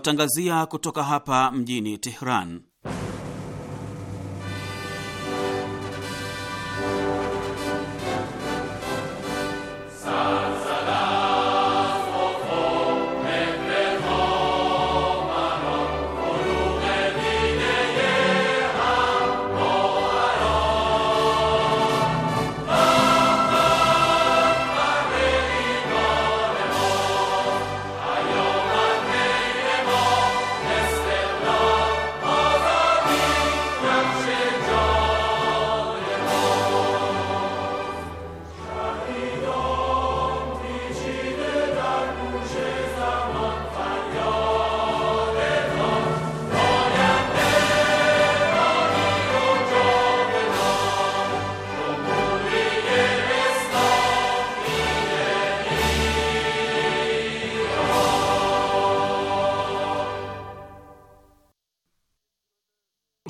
Tangazia kutoka hapa mjini Tehran.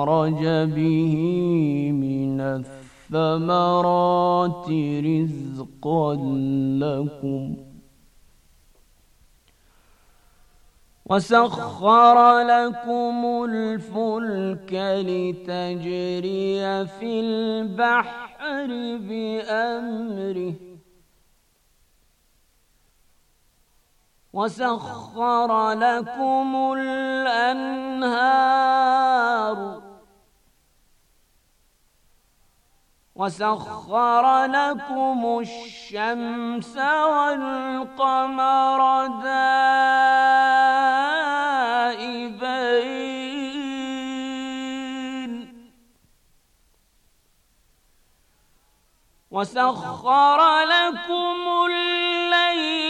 أخرج به من الثمرات رزقا لكم وسخر لكم الفلك لتجري في البحر بأمره وسخر لكم الأنهار وسخر لكم الشمس والقمر دائبين وسخر لكم الليل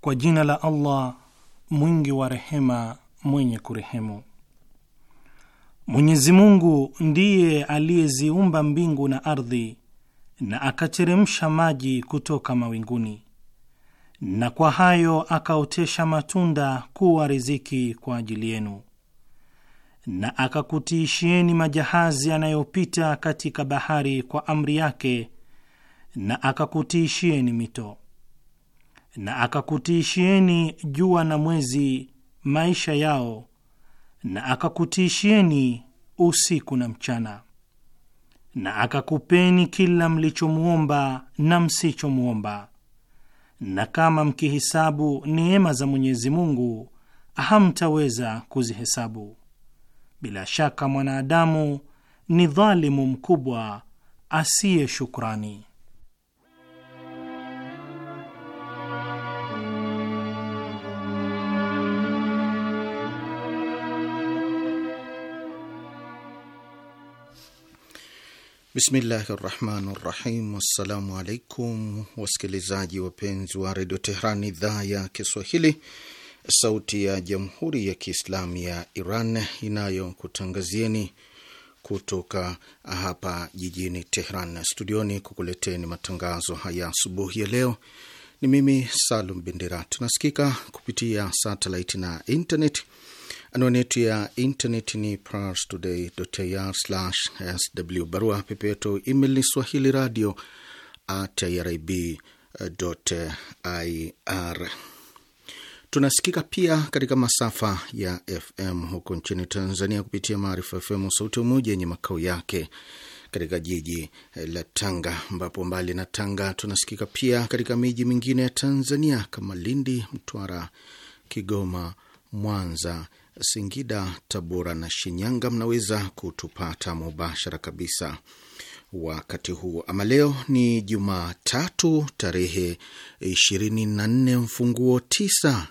Kwa jina la Allah mwingi wa rehema mwenye kurehemu. Mwenyezi Mungu ndiye aliyeziumba mbingu na ardhi na akateremsha maji kutoka mawinguni na kwa hayo akaotesha matunda kuwa riziki kwa ajili yenu na akakutiishieni majahazi yanayopita katika bahari kwa amri yake, na akakutiishieni mito, na akakutiishieni jua na mwezi maisha yao, na akakutiishieni usiku na mchana, na akakupeni kila mlichomwomba na msichomwomba. Na kama mkihisabu neema za Mwenyezi Mungu hamtaweza kuzihesabu. Bila shaka mwanadamu ni dhalimu mkubwa asiye shukrani. Bismillahi rahmani rahim. Wassalamu alaikum wasikilizaji wapenzi wa redio Tehran idhaa ya Kiswahili Sauti ya Jamhuri ya Kiislamu ya Iran inayokutangazieni kutoka hapa jijini Tehran studioni kukuleteni matangazo haya asubuhi ya leo. Ni mimi Salum Bendera. Tunasikika kupitia satelit na internet. Anwani yetu ya internet ni parstoday.ir/sw, barua pepe yetu email ni swahili radio radio@irib.ir. Tunasikika pia katika masafa ya FM huko nchini Tanzania kupitia Maarifa FM Sauti Umoja yenye makao yake katika jiji la Tanga, ambapo mbali na Tanga tunasikika pia katika miji mingine ya Tanzania kama Lindi, Mtwara, Kigoma, Mwanza, Singida, Tabora na Shinyanga. Mnaweza kutupata mubashara kabisa wakati huu ama leo ni Jumatatu tarehe 24 mfunguo tisa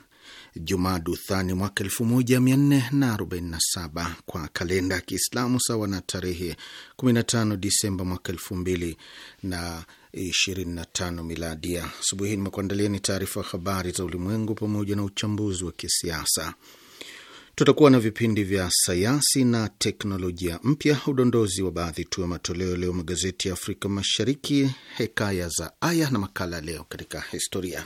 Jumada Thani mwaka 1447 kwa kalenda ya Kiislamu, sawa na tarehe 15 Disemba mwaka 2025 miladia. Asubuhi ni taarifa habari za ulimwengu pamoja na uchambuzi wa kisiasa. Tutakuwa na vipindi vya sayansi na teknolojia mpya, udondozi wa baadhi tu ya matoleo leo magazeti ya Afrika Mashariki, hekaya za aya na makala leo katika historia.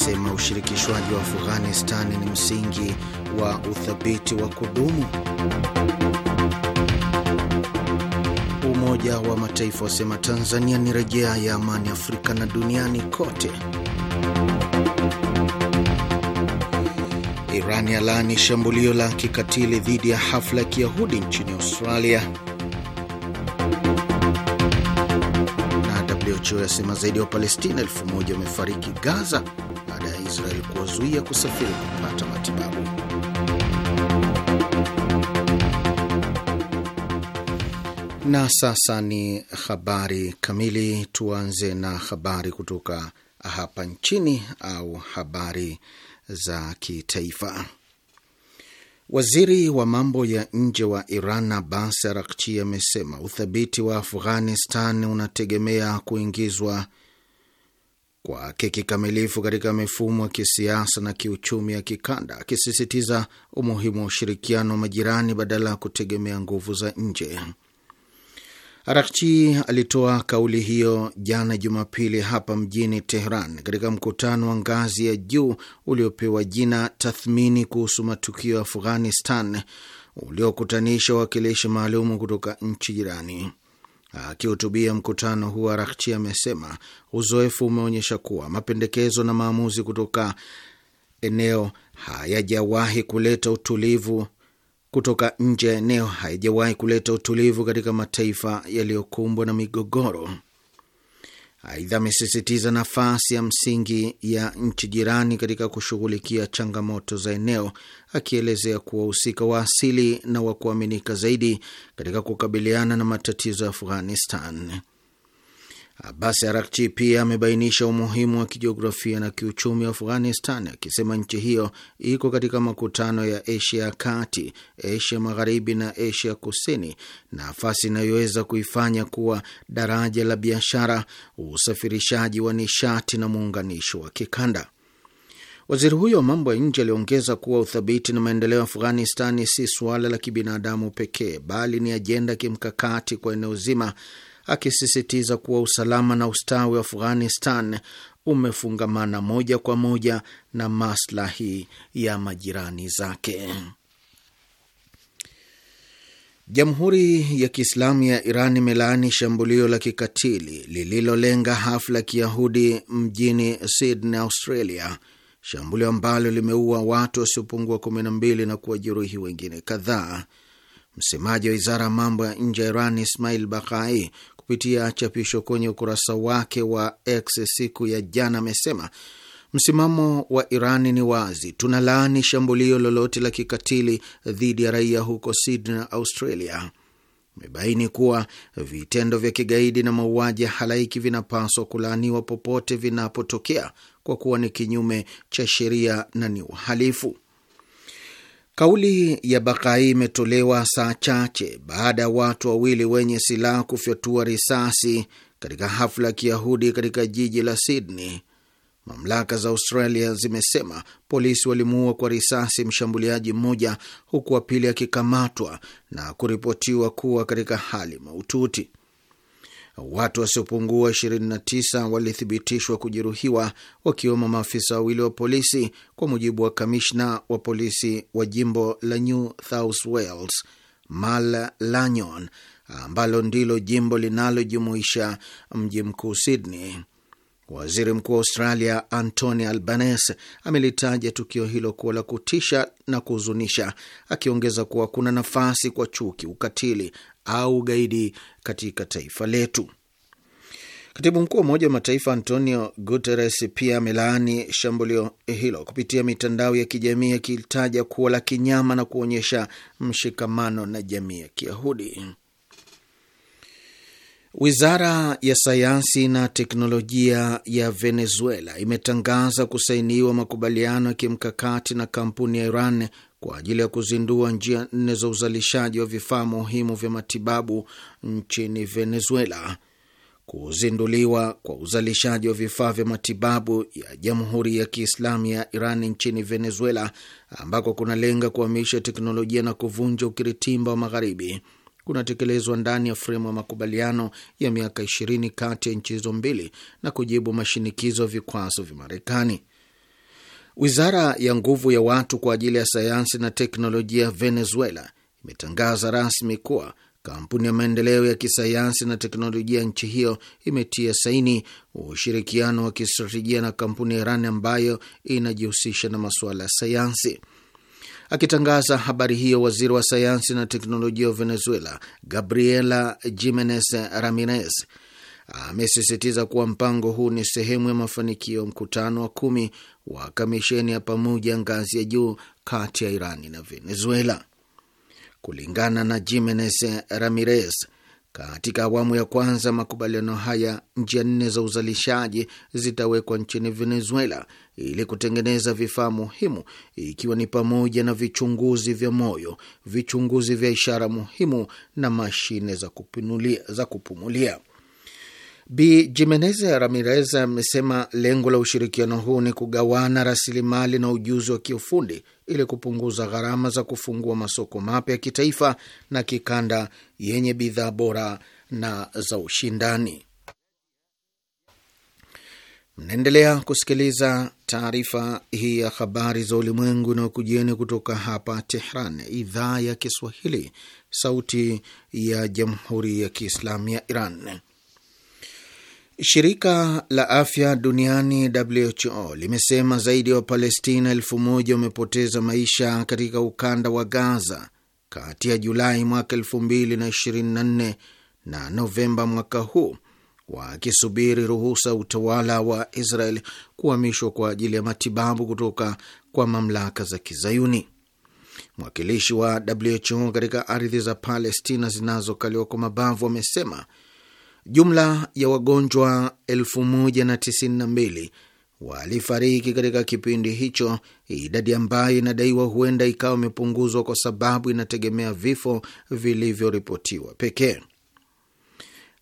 asema ushirikishwaji wa Afghanistan ni msingi wa uthabiti wa kudumu. Umoja wa Mataifa wasema Tanzania ni rejea ya amani Afrika na duniani kote. Iran yalaani shambulio la kikatili dhidi ya hafla ya Kiyahudi nchini Australia. Na WHO yasema zaidi ya Wapalestina elfu moja wamefariki Gaza Israel kuwazuia kusafiri kupata matibabu. Na sasa ni habari kamili. Tuanze na habari kutoka hapa nchini au habari za kitaifa. Waziri wa mambo ya nje wa Iran Abbas Arakchi amesema uthabiti wa Afghanistan unategemea kuingizwa kwake kikamilifu katika mifumo ya kisiasa na kiuchumi ya kikanda, akisisitiza umuhimu wa ushirikiano wa majirani badala ya kutegemea nguvu za nje. Arakchi alitoa kauli hiyo jana Jumapili hapa mjini Tehran katika mkutano wa ngazi ya juu uliopewa jina tathmini kuhusu matukio ya Afghanistan uliokutanisha wawakilishi maalumu kutoka nchi jirani. Akihutubia mkutano huo, Arakchi amesema uzoefu umeonyesha kuwa mapendekezo na maamuzi kutoka eneo hayajawahi kuleta utulivu kutoka nje ya eneo haijawahi kuleta utulivu katika mataifa yaliyokumbwa na migogoro. Aidha, amesisitiza nafasi ya msingi ya nchi jirani katika kushughulikia changamoto za eneo, akielezea kuwa wahusika wa asili na wa kuaminika zaidi katika kukabiliana na matatizo ya Afghanistan. Abasi Arakchi pia amebainisha umuhimu wa kijiografia na kiuchumi wa Afghanistan, akisema nchi hiyo iko katika makutano ya Asia ya kati, Asia magharibi na Asia kusini, nafasi inayoweza kuifanya kuwa daraja la biashara, usafirishaji wa nishati na muunganisho wa kikanda. Waziri huyo wa mambo ya nje aliongeza kuwa uthabiti na maendeleo ya Afghanistani si suala la kibinadamu pekee, bali ni ajenda kimkakati kwa eneo zima akisisitiza kuwa usalama na ustawi wa Afghanistan umefungamana moja kwa moja na maslahi ya majirani zake. Jamhuri ya Kiislamu ya Iran imelaani shambulio la kikatili lililolenga hafla ya Kiyahudi mjini Sydney, Australia, shambulio ambalo limeua watu wasiopungua 12 na na kuwajeruhi wengine kadhaa. Msemaji wa wizara ya mambo ya nje ya Iran Ismail Bakai kupitia chapisho kwenye ukurasa wake wa X siku ya jana, amesema msimamo wa Iran ni wazi, tunalaani shambulio lolote la kikatili dhidi ya raia huko Sydney Australia. Imebaini kuwa vitendo vya kigaidi na mauaji ya halaiki vinapaswa kulaaniwa popote vinapotokea, kwa kuwa ni kinyume cha sheria na ni uhalifu. Kauli ya Bakai imetolewa saa chache baada ya watu wawili wenye silaha kufyatua risasi katika hafla ya Kiyahudi katika jiji la Sydney. Mamlaka za Australia zimesema polisi walimuua kwa risasi mshambuliaji mmoja, huku wa pili akikamatwa na kuripotiwa kuwa katika hali mahututi watu wasiopungua 29 walithibitishwa kujeruhiwa wakiwemo maafisa wawili wa polisi, kwa mujibu wa kamishna wa polisi wa jimbo la New South Wales Mal Lanyon, ambalo ndilo jimbo linalojumuisha mji mkuu Sydney. Waziri mkuu wa Australia Anthony Albanese amelitaja tukio hilo kuwa la kutisha na kuhuzunisha, akiongeza kuwa kuna nafasi kwa chuki, ukatili au ugaidi katika taifa letu. Katibu mkuu wa Umoja wa Mataifa Antonio Guterres pia amelaani shambulio hilo kupitia mitandao ya kijamii akilitaja kuwa la kinyama na kuonyesha mshikamano na jamii ya Kiyahudi. Wizara ya sayansi na teknolojia ya Venezuela imetangaza kusainiwa makubaliano ya kimkakati na kampuni ya Iran kwa ajili ya kuzindua njia nne za uzalishaji wa vifaa muhimu vya matibabu nchini Venezuela. Kuzinduliwa kwa uzalishaji wa vifaa vya matibabu ya Jamhuri ya Kiislamu ya Iran nchini Venezuela, ambako kunalenga kuhamisha teknolojia na kuvunja ukiritimba wa Magharibi, kunatekelezwa ndani ya fremu ya makubaliano ya miaka 20 kati ya nchi hizo mbili na kujibu mashinikizo ya vikwazo vya Marekani. Wizara ya nguvu ya watu kwa ajili ya sayansi na teknolojia Venezuela imetangaza rasmi kuwa kampuni ya maendeleo ya kisayansi na teknolojia nchi hiyo imetia saini ushirikiano wa kistratejia na kampuni ya Iran ambayo inajihusisha na masuala ya sayansi. Akitangaza habari hiyo, waziri wa sayansi na teknolojia wa Venezuela Gabriela Jimenez Ramirez amesisitiza kuwa mpango huu ni sehemu ya mafanikio mkutano wa kumi wa kamisheni ya pamoja ngazi ya juu kati ya Irani na Venezuela. Kulingana na Jimenez Ramirez, katika awamu ya kwanza makubaliano haya, njia nne za uzalishaji zitawekwa nchini Venezuela ili kutengeneza vifaa muhimu, ikiwa ni pamoja na vichunguzi vya moyo, vichunguzi vya ishara muhimu na mashine za kupumulia. Bi Jimenez Ramirez amesema lengo la ushirikiano huu ni kugawana rasilimali na ujuzi wa kiufundi ili kupunguza gharama za kufungua masoko mapya ya kitaifa na kikanda yenye bidhaa bora na za ushindani. Mnaendelea kusikiliza taarifa hii ya habari za ulimwengu inayokujieni kutoka hapa Tehran, idhaa ya Kiswahili, sauti ya jamhuri ya kiislamu ya Iran. Shirika la afya duniani WHO limesema zaidi ya wa Wapalestina elfu moja wamepoteza maisha katika ukanda wa Gaza kati ya Julai mwaka 2024 na Novemba mwaka huu wakisubiri ruhusa utawala wa Israel kuhamishwa kwa ajili ya matibabu kutoka kwa mamlaka za Kizayuni. Mwakilishi wa WHO katika ardhi za Palestina zinazokaliwa kwa mabavu amesema Jumla ya wagonjwa 1092 walifariki katika kipindi hicho, idadi ambayo inadaiwa huenda ikawa imepunguzwa kwa sababu inategemea vifo vilivyoripotiwa pekee.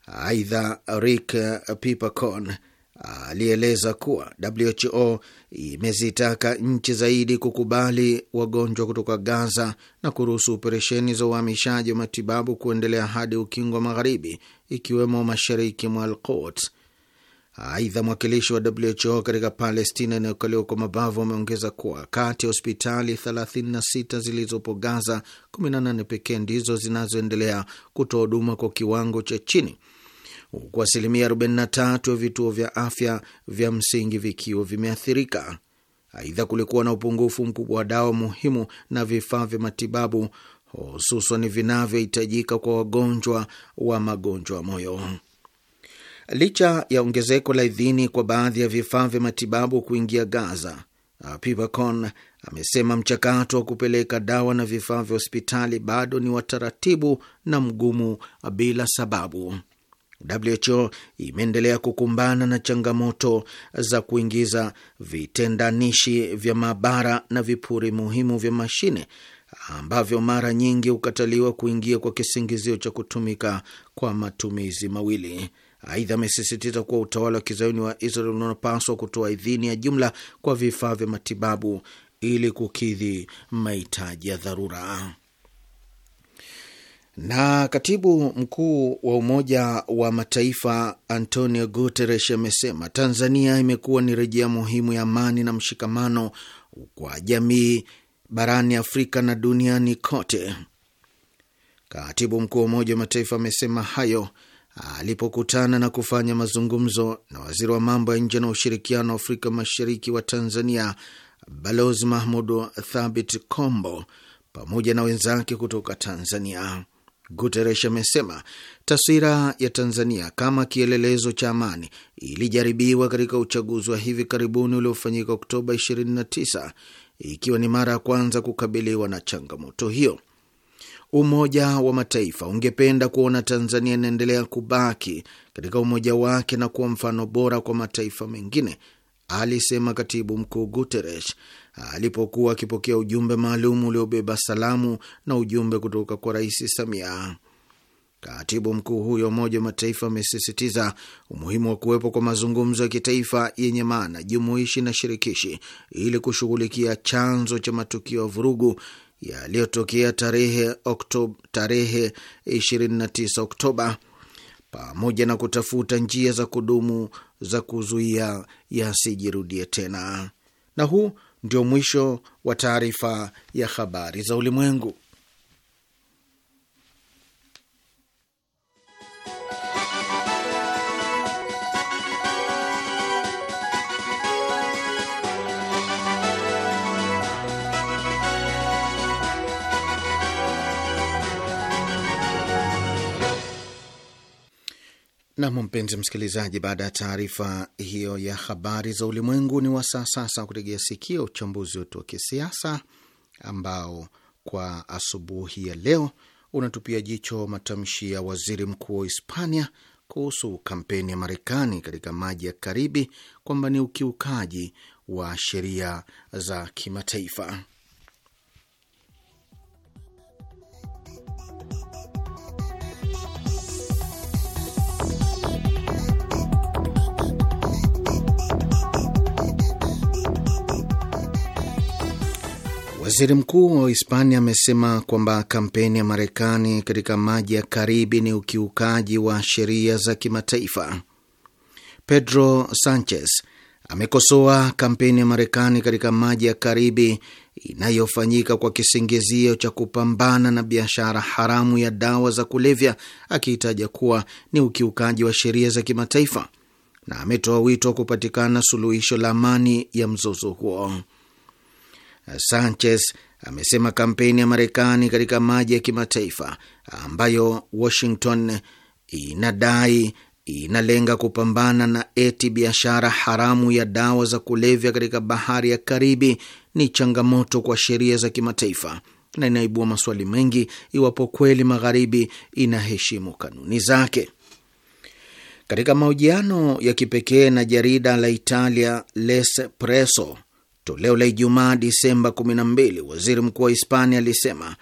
Aidha, Rick Pipacon alieleza kuwa WHO imezitaka nchi zaidi kukubali wagonjwa kutoka Gaza na kuruhusu operesheni za uhamishaji wa matibabu kuendelea hadi ukingo wa magharibi ikiwemo mashariki mwa Al-Quds. Aidha, mwakilishi wa WHO katika Palestina inayokaliwa kwa mabavu ameongeza kuwa kati ya hospitali 36 zilizopo Gaza, 18 pekee ndizo zinazoendelea kutoa huduma kwa kiwango cha chini huku asilimia 43 ya vituo vya afya vya msingi vikiwa vimeathirika. Aidha, kulikuwa na upungufu mkubwa wa dawa muhimu na vifaa vya matibabu hususan vinavyohitajika kwa wagonjwa wa magonjwa ya moyo. Licha ya ongezeko la idhini kwa baadhi ya vifaa vya matibabu kuingia Gaza, pipecon amesema mchakato wa kupeleka dawa na vifaa vya hospitali bado ni wa taratibu na mgumu bila sababu. WHO imeendelea kukumbana na changamoto za kuingiza vitendanishi vya maabara na vipuri muhimu vya mashine ambavyo mara nyingi hukataliwa kuingia kwa kisingizio cha kutumika kwa matumizi mawili. Aidha, amesisitiza kuwa utawala wa kizayuni wa Israel unapaswa kutoa idhini ya jumla kwa vifaa vya matibabu ili kukidhi mahitaji ya dharura. Na katibu mkuu wa Umoja wa Mataifa Antonio Guterres amesema Tanzania imekuwa ni rejea muhimu ya amani na mshikamano kwa jamii barani Afrika na duniani kote. Katibu mkuu wa Umoja wa Mataifa amesema hayo alipokutana na kufanya mazungumzo na waziri wa mambo ya nje na ushirikiano wa Afrika Mashariki wa Tanzania, Balozi Mahmud Thabit Kombo pamoja na wenzake kutoka Tanzania. Guterres amesema taswira ya Tanzania kama kielelezo cha amani ilijaribiwa katika uchaguzi wa hivi karibuni uliofanyika Oktoba 29 ikiwa ni mara ya kwanza kukabiliwa na changamoto hiyo. Umoja wa Mataifa ungependa kuona Tanzania inaendelea kubaki katika umoja wake na kuwa mfano bora kwa mataifa mengine, alisema katibu mkuu Guterres, alipokuwa akipokea ujumbe maalum uliobeba salamu na ujumbe kutoka kwa Rais Samia. Katibu mkuu huyo wa Umoja wa Mataifa amesisitiza umuhimu wa kuwepo kwa mazungumzo ya kitaifa yenye maana, jumuishi na shirikishi ili kushughulikia chanzo cha matukio ya vurugu yaliyotokea tarehe tarehe 29 Oktoba pamoja na kutafuta njia za kudumu za kuzuia yasijirudie tena. Na huu ndio mwisho wa taarifa ya habari za ulimwengu. Nam, mpenzi msikilizaji, baada ya taarifa hiyo ya habari za ulimwengu, ni wasaa sasa wa kutegea sikio uchambuzi wetu wa kisiasa ambao kwa asubuhi ya leo unatupia jicho matamshi ya waziri mkuu wa Hispania kuhusu kampeni ya Marekani katika maji ya Karibi kwamba ni ukiukaji wa sheria za kimataifa. Waziri mkuu wa Hispania amesema kwamba kampeni ya Marekani katika maji ya Karibi ni ukiukaji wa sheria za kimataifa. Pedro Sanchez amekosoa kampeni ya Marekani katika maji ya Karibi inayofanyika kwa kisingizio cha kupambana na biashara haramu ya dawa za kulevya, akihitaja kuwa ni ukiukaji wa sheria za kimataifa, na ametoa wito wa kupatikana suluhisho la amani ya mzozo huo. Sanchez amesema kampeni ya Marekani katika maji ya kimataifa ambayo Washington inadai inalenga kupambana na eti biashara haramu ya dawa za kulevya katika bahari ya Karibi ni changamoto kwa sheria za kimataifa na inaibua maswali mengi iwapo kweli Magharibi inaheshimu kanuni zake. Katika mahojiano ya kipekee na jarida la Italia L'Espresso, Toleo la Ijumaa Disemba 12, waziri mkuu wa Hispania alisema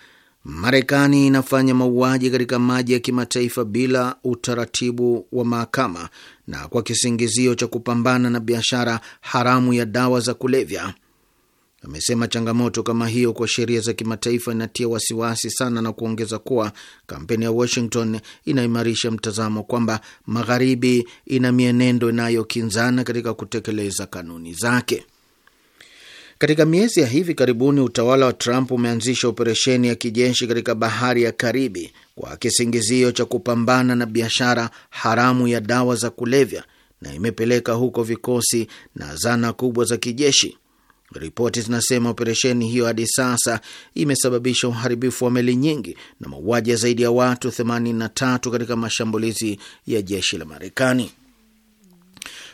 Marekani inafanya mauaji katika maji ya kimataifa bila utaratibu wa mahakama na kwa kisingizio cha kupambana na biashara haramu ya dawa za kulevya. Amesema changamoto kama hiyo kwa sheria za kimataifa inatia wasiwasi sana, na kuongeza kuwa kampeni ya Washington inaimarisha mtazamo kwamba Magharibi ina mienendo inayokinzana katika kutekeleza kanuni zake. Katika miezi ya hivi karibuni utawala wa Trump umeanzisha operesheni ya kijeshi katika bahari ya Karibi kwa kisingizio cha kupambana na biashara haramu ya dawa za kulevya na imepeleka huko vikosi na zana kubwa za kijeshi. Ripoti zinasema operesheni hiyo hadi sasa imesababisha uharibifu wa meli nyingi na mauaji ya zaidi ya watu 83 katika mashambulizi ya jeshi la Marekani.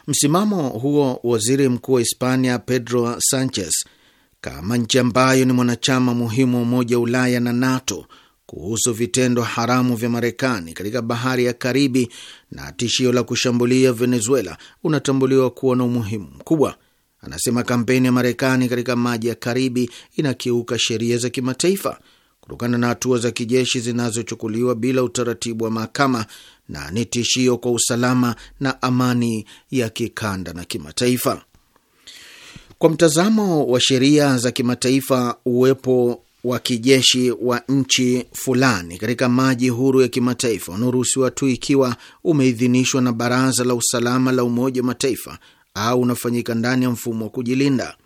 Msimamo huo waziri mkuu wa Hispania Pedro Sanchez, kama nchi ambayo ni mwanachama muhimu wa Umoja wa Ulaya na NATO kuhusu vitendo haramu vya Marekani katika bahari ya Karibi na tishio la kushambulia Venezuela unatambuliwa kuwa na umuhimu mkubwa. Anasema kampeni ya Marekani katika maji ya Karibi inakiuka sheria za kimataifa kutokana na hatua za kijeshi zinazochukuliwa bila utaratibu wa mahakama na ni tishio kwa usalama na amani ya kikanda na kimataifa. Kwa mtazamo wa sheria za kimataifa, uwepo wa kijeshi wa nchi fulani katika maji huru ya kimataifa unaoruhusiwa tu ikiwa umeidhinishwa na Baraza la Usalama la Umoja wa Mataifa au unafanyika ndani ya mfumo wa kujilinda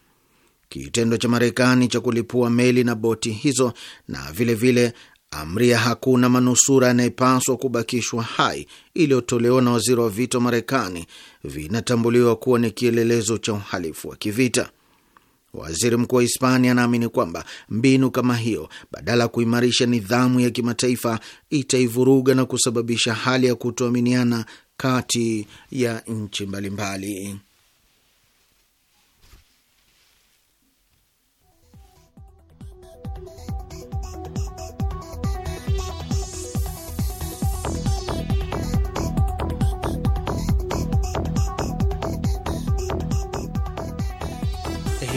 kitendo cha Marekani cha kulipua meli na boti hizo na vilevile vile amri ya hakuna manusura yanayepaswa kubakishwa hai iliyotolewa na waziri wa vita wa Marekani vinatambuliwa kuwa ni kielelezo cha uhalifu wa kivita. Waziri mkuu wa Hispania anaamini kwamba mbinu kama hiyo, badala ya kuimarisha nidhamu ya kimataifa, itaivuruga na kusababisha hali ya kutoaminiana kati ya nchi mbalimbali.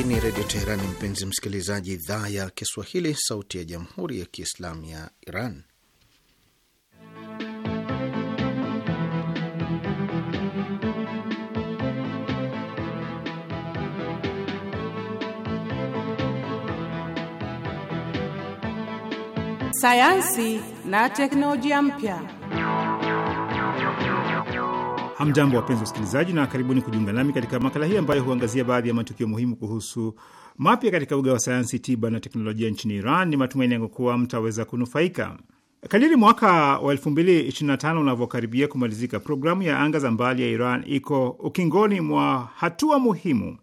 ni Redio Teherani, mpenzi msikilizaji, idhaa ya Kiswahili, sauti ya jamhuri ya kiislamu ya Iran. Sayansi na teknolojia mpya. Hamjambo, wapenzi wasikilizaji, na karibuni kujiunga nami katika makala hii ambayo huangazia baadhi ya matukio muhimu kuhusu mapya katika uga wa sayansi, tiba na teknolojia nchini Iran. Ni matumaini yangu kuwa mtaweza kunufaika. Kadiri mwaka wa 2025 unavyokaribia kumalizika, programu ya anga za mbali ya Iran iko ukingoni mwa hatua muhimu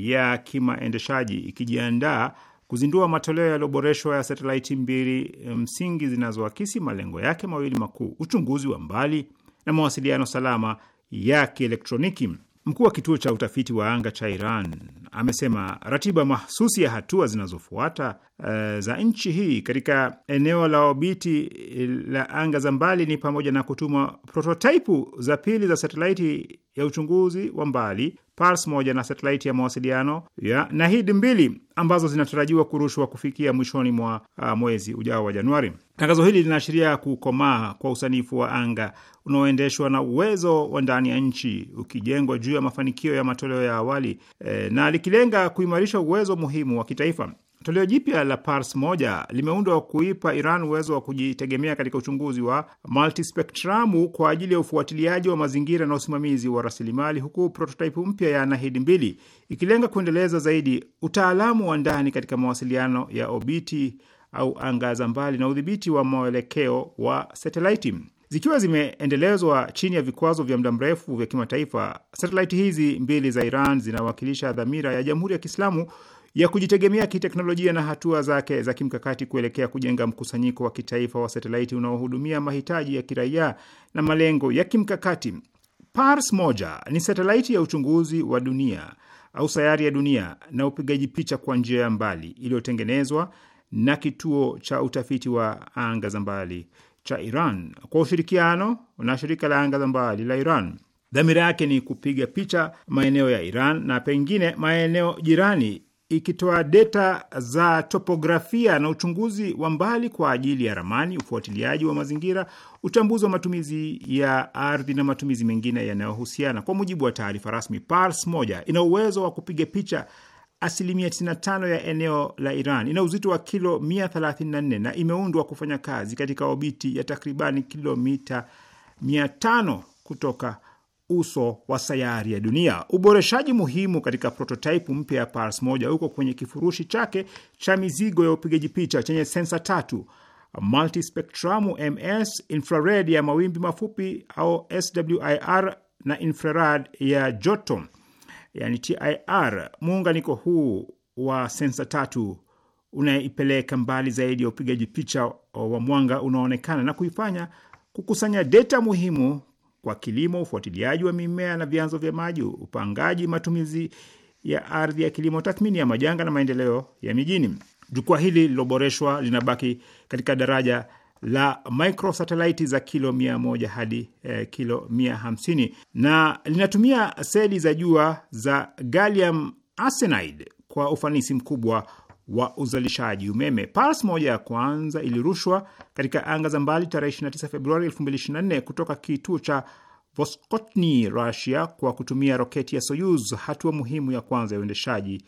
ya kimaendeshaji, ikijiandaa kuzindua matoleo yaliyoboreshwa ya satelaiti mbili msingi zinazoakisi malengo yake mawili makuu: uchunguzi wa mbali na mawasiliano salama ya kielektroniki. Mkuu wa kituo cha utafiti wa anga cha Iran amesema ratiba mahsusi ya hatua zinazofuata uh, za nchi hii katika eneo la obiti eh, la anga za mbali ni pamoja na kutumwa prototaipu za pili za satelaiti ya uchunguzi wa mbali Pars moja na satelaiti ya mawasiliano ya Nahid mbili ambazo zinatarajiwa kurushwa kufikia mwishoni mwa uh, mwezi ujao wa Januari. Tangazo hili linaashiria kukomaa kwa usanifu wa anga unaoendeshwa na uwezo wa ndani ya nchi ukijengwa juu ya mafanikio ya matoleo ya awali e, na likilenga kuimarisha uwezo muhimu wa kitaifa. Toleo jipya la Pars moja limeundwa kuipa Iran uwezo wa kujitegemea katika uchunguzi wa multispektramu kwa ajili ya ufuatiliaji wa mazingira na usimamizi wa rasilimali, huku prototipe mpya ya Nahidi mbili ikilenga kuendeleza zaidi utaalamu wa ndani katika mawasiliano ya obiti au anga za mbali na udhibiti wa mwelekeo wa satelaiti. Zikiwa zimeendelezwa chini ya vikwazo vya muda mrefu vya kimataifa, satelaiti hizi mbili za Iran zinawakilisha dhamira ya Jamhuri ya Kiislamu ya kujitegemea kiteknolojia na hatua zake za kimkakati kuelekea kujenga mkusanyiko wa kitaifa wa satelaiti unaohudumia mahitaji ya kiraia na malengo ya kimkakati. Pars moja ni satelaiti ya uchunguzi wa dunia au sayari ya dunia na upigaji picha kwa njia ya mbali iliyotengenezwa na kituo cha utafiti wa anga za mbali cha Iran kwa ushirikiano na shirika la anga za mbali la Iran. Dhamira yake ni kupiga picha maeneo ya Iran na pengine maeneo jirani ikitoa deta za topografia na uchunguzi wa mbali kwa ajili ya ramani, ufuatiliaji wa mazingira, uchambuzi wa matumizi ya ardhi na matumizi mengine yanayohusiana. Kwa mujibu wa taarifa rasmi, Pars moja ina uwezo wa kupiga picha asilimia 95 ya eneo la Iran. Ina uzito wa kilo 134 na imeundwa kufanya kazi katika obiti ya takribani kilomita 500 kutoka uso wa sayari ya dunia. Uboreshaji muhimu katika prototype mpya ya Pars moja uko kwenye kifurushi chake cha mizigo ya upigaji picha chenye sensa tatu multispectramu ms, infrared ya mawimbi mafupi au SWIR na infrared ya joto yani TIR. Muunganiko huu wa sensa tatu unaipeleka mbali zaidi ya upigaji picha wa mwanga unaonekana na kuifanya kukusanya data muhimu kwa kilimo, ufuatiliaji wa mimea na vyanzo vya maji, upangaji matumizi ya ardhi ya kilimo, tathmini ya majanga na maendeleo ya mijini. Jukwaa hili liloboreshwa linabaki katika daraja la microsatellite za kilo mia moja hadi eh, kilo mia hamsini na linatumia seli za jua za gallium arsenide kwa ufanisi mkubwa wa uzalishaji umeme. Pars moja ya kwanza ilirushwa katika anga za mbali tarehe 29 Februari 2024 kutoka kituo cha Voskotni, Russia, kwa kutumia roketi ya Soyuz, hatua muhimu ya kwanza ya uendeshaji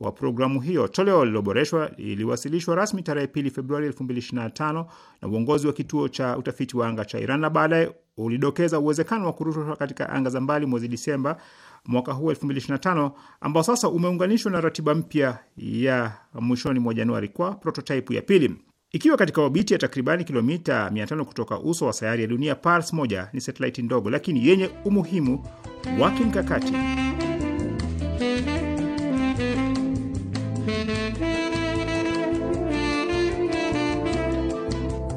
wa programu hiyo. Toleo liloboreshwa iliwasilishwa rasmi tarehe pili Februari 2025 na uongozi wa kituo cha utafiti wa anga cha Iran na baadaye ulidokeza uwezekano wa kurushwa katika anga za mbali mwezi Disemba mwaka huu 2025 ambao sasa umeunganishwa na ratiba mpya ya mwishoni mwa Januari kwa prototype ya pili. Ikiwa katika obiti ya takribani kilomita 500 kutoka uso wa sayari ya dunia, Pars moja ni satelaiti ndogo lakini yenye umuhimu wa kimkakati.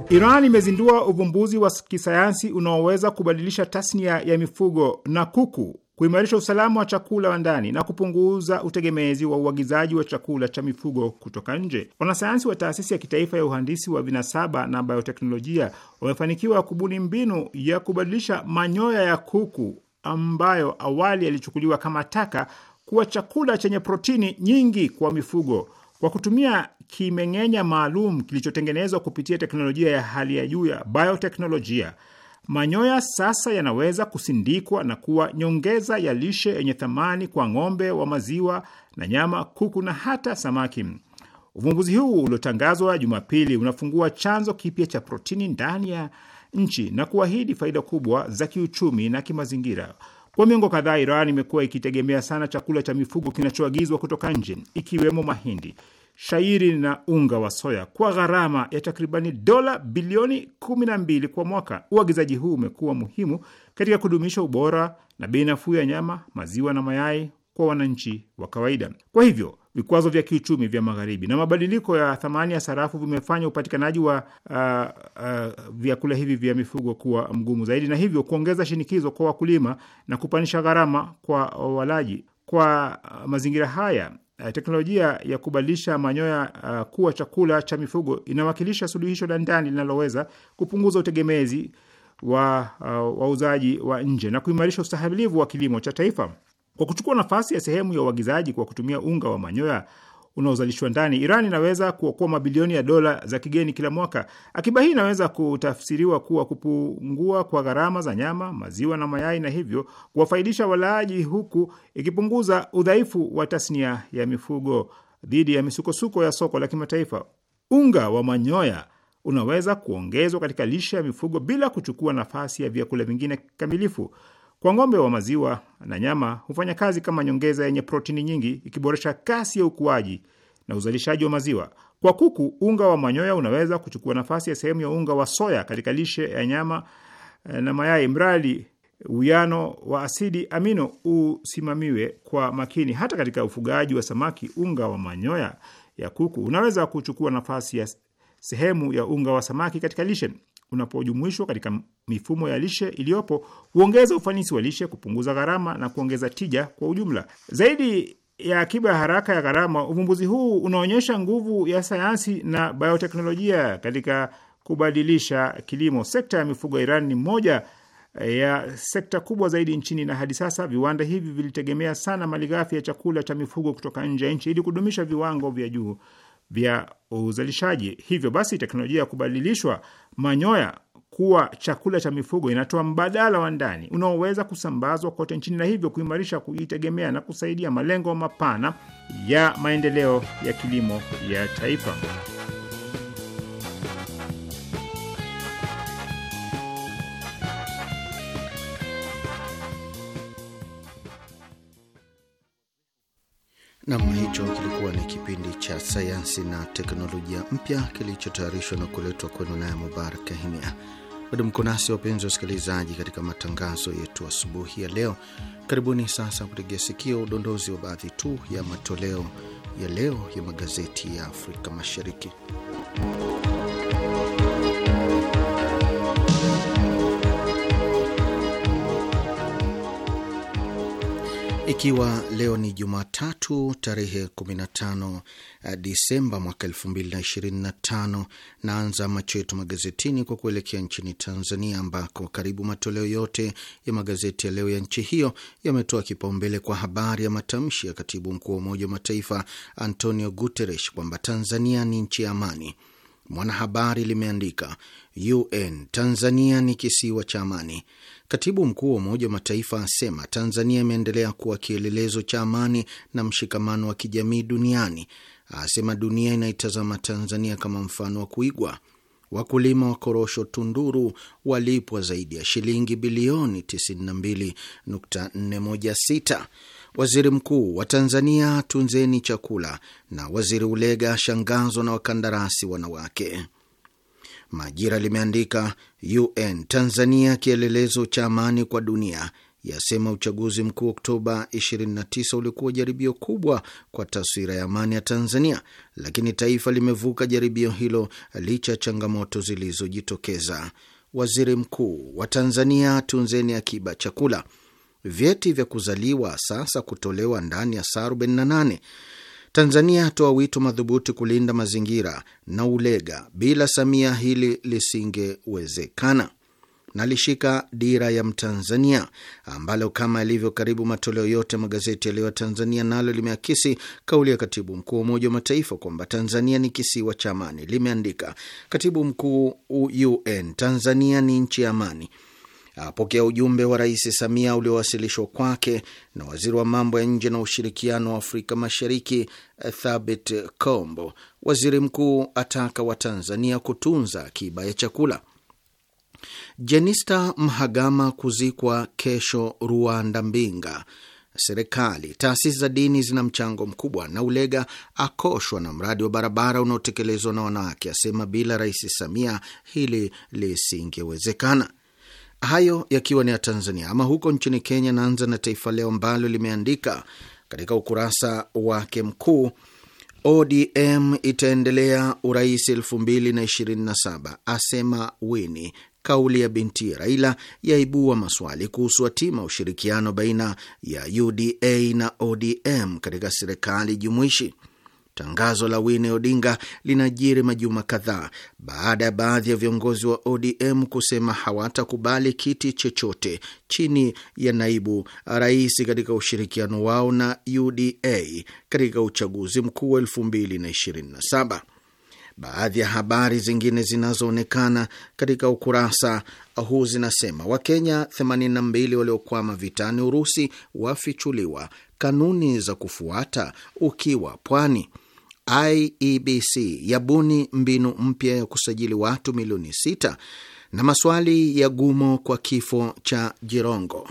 Iran imezindua uvumbuzi wa kisayansi unaoweza kubadilisha tasnia ya mifugo na kuku kuimarisha usalama wa chakula wa ndani na kupunguza utegemezi wa uagizaji wa chakula cha mifugo kutoka nje. Wanasayansi wa taasisi ya kitaifa ya uhandisi wa vinasaba na bioteknolojia wamefanikiwa kubuni mbinu ya kubadilisha manyoya ya kuku ambayo awali yalichukuliwa kama taka kuwa chakula chenye protini nyingi kwa mifugo kwa kutumia kimeng'enya maalum kilichotengenezwa kupitia teknolojia ya hali ya juu ya bioteknolojia. Manyoya sasa yanaweza kusindikwa na kuwa nyongeza ya lishe yenye thamani kwa ng'ombe wa maziwa na nyama, kuku na hata samaki. Uvumbuzi huu uliotangazwa Jumapili unafungua chanzo kipya cha protini ndani ya nchi na kuahidi faida kubwa za kiuchumi na kimazingira. Kwa miongo kadhaa, Iran imekuwa ikitegemea sana chakula cha mifugo kinachoagizwa kutoka nje, ikiwemo mahindi shairi na unga wa soya kwa gharama ya takribani dola bilioni 12 kwa mwaka. Uagizaji huu umekuwa muhimu katika kudumisha ubora na bei nafuu ya nyama, maziwa na mayai kwa wananchi wa kawaida. Kwa hivyo vikwazo vya kiuchumi vya magharibi na mabadiliko ya thamani ya sarafu vimefanya upatikanaji wa uh, uh, vyakula hivi vya mifugo kuwa mgumu zaidi, na hivyo kuongeza shinikizo kwa wakulima na kupanisha gharama kwa walaji. Kwa uh, mazingira haya Eh, teknolojia ya kubadilisha manyoya uh, kuwa chakula cha mifugo inawakilisha suluhisho la ndani linaloweza kupunguza utegemezi wa eh, wauzaji uh, wa nje na kuimarisha ustahimilivu wa kilimo cha taifa. Kwa kuchukua nafasi ya sehemu ya uagizaji kwa kutumia unga wa manyoya unaozalishwa ndani, Iran inaweza kuokoa mabilioni ya dola za kigeni kila mwaka. Akiba hii inaweza kutafsiriwa kuwa kupungua kwa gharama za nyama, maziwa na mayai, na hivyo kuwafaidisha walaaji, huku ikipunguza udhaifu wa tasnia ya mifugo dhidi ya misukosuko ya soko la kimataifa. Unga wa manyoya unaweza kuongezwa katika lishe ya mifugo bila kuchukua nafasi ya vyakula vingine kikamilifu. Kwa ng'ombe wa maziwa na nyama hufanya kazi kama nyongeza yenye protini nyingi, ikiboresha kasi ya ukuaji na uzalishaji wa maziwa. Kwa kuku, unga wa manyoya unaweza kuchukua nafasi ya sehemu ya unga wa soya katika lishe ya nyama eh, na mayai, mradi uwiano wa asidi amino usimamiwe kwa makini. Hata katika ufugaji wa samaki, unga wa manyoya ya kuku unaweza kuchukua nafasi ya sehemu ya unga wa samaki katika lishe unapojumuishwa katika mifumo ya lishe iliyopo huongeza ufanisi wa lishe, kupunguza gharama na kuongeza tija kwa ujumla. Zaidi ya akiba ya haraka ya gharama, uvumbuzi huu unaonyesha nguvu ya sayansi na bioteknolojia katika kubadilisha kilimo. Sekta ya mifugo ya Iran ni moja eh, ya sekta kubwa zaidi nchini, na hadi sasa viwanda hivi vilitegemea sana malighafi ya chakula cha mifugo kutoka nje ya nchi ili kudumisha viwango vya juu vya uzalishaji. Hivyo basi, teknolojia ya kubadilishwa manyoya kuwa chakula cha mifugo inatoa mbadala wa ndani unaoweza kusambazwa kote nchini na hivyo kuimarisha kujitegemea na kusaidia malengo mapana ya maendeleo ya kilimo ya taifa. Nam, hicho kilikuwa ni kipindi cha sayansi na teknolojia mpya kilichotayarishwa na kuletwa kwenu naye Mubarak Kahimia. Bado mko nasi wapenzi usikilizaji, katika matangazo yetu asubuhi ya leo. Karibuni sasa kutegea sikio udondozi wa baadhi tu ya matoleo ya leo ya magazeti ya Afrika Mashariki. Ikiwa leo ni Jumatatu tarehe 15 eh, Disemba mwaka 2025, naanza macho yetu magazetini kwa kuelekea nchini Tanzania, ambako karibu matoleo yote ya magazeti ya leo ya nchi hiyo yametoa kipaumbele kwa habari ya matamshi ya katibu mkuu wa Umoja wa Mataifa Antonio Guterres kwamba Tanzania ni nchi ya amani. Mwanahabari limeandika UN, Tanzania ni kisiwa cha amani. Katibu mkuu wa Umoja wa Mataifa asema Tanzania imeendelea kuwa kielelezo cha amani na mshikamano wa kijamii duniani. Asema dunia inaitazama Tanzania kama mfano wa kuigwa. Wakulima wa korosho tunduru walipwa zaidi ya shilingi bilioni 92.416. Waziri mkuu wa Tanzania, tunzeni chakula. Na waziri Ulega ashangazwa na wakandarasi wanawake. Majira limeandika UN Tanzania kielelezo cha amani kwa dunia, yasema uchaguzi mkuu Oktoba 29 ulikuwa jaribio kubwa kwa taswira ya amani ya Tanzania, lakini taifa limevuka jaribio hilo licha ya changamoto zilizojitokeza. Waziri Mkuu wa Tanzania, tunzeni akiba chakula. Vyeti vya kuzaliwa sasa kutolewa ndani ya saa 48. Tanzania hatoa wito madhubuti kulinda mazingira na ulega. Bila Samia hili lisingewezekana. Nalishika Dira ya Mtanzania ambalo kama ilivyo karibu matoleo yote magazeti yaliyo ya Tanzania nalo limeakisi kauli ya katibu mkuu wa Umoja wa Mataifa kwamba Tanzania ni kisiwa cha amani. Limeandika katibu mkuu UN, Tanzania ni nchi ya amani apokea ujumbe wa Rais Samia uliowasilishwa kwake na waziri wa mambo ya nje na ushirikiano wa Afrika Mashariki Thabit Kombo. Waziri mkuu ataka Watanzania kutunza akiba ya chakula. Jenista Mhagama kuzikwa kesho Ruanda Mbinga. Serikali, taasisi za dini zina mchango mkubwa. Na Ulega akoshwa na mradi wa barabara unaotekelezwa na wanawake, asema bila Rais Samia hili lisingewezekana. Hayo yakiwa ni ya Tanzania. Ama huko nchini Kenya, naanza na Taifa Leo ambalo limeandika katika ukurasa wake mkuu, ODM itaendelea urais 2027 asema Wini. Kauli ya binti Raila yaibua maswali kuhusu hatima ushirikiano baina ya UDA na ODM katika serikali jumuishi. Tangazo la Wine Odinga linajiri majuma kadhaa baada ya baadhi ya viongozi wa ODM kusema hawatakubali kiti chochote chini ya naibu rais katika ushirikiano wao na UDA katika uchaguzi mkuu wa 2027. Baadhi ya habari zingine zinazoonekana katika ukurasa huu zinasema Wakenya 82 waliokwama vitani Urusi wafichuliwa, kanuni za kufuata ukiwa pwani IEBC yabuni mbinu mpya ya kusajili watu milioni sita na maswali ya gumo kwa kifo cha Jirongo.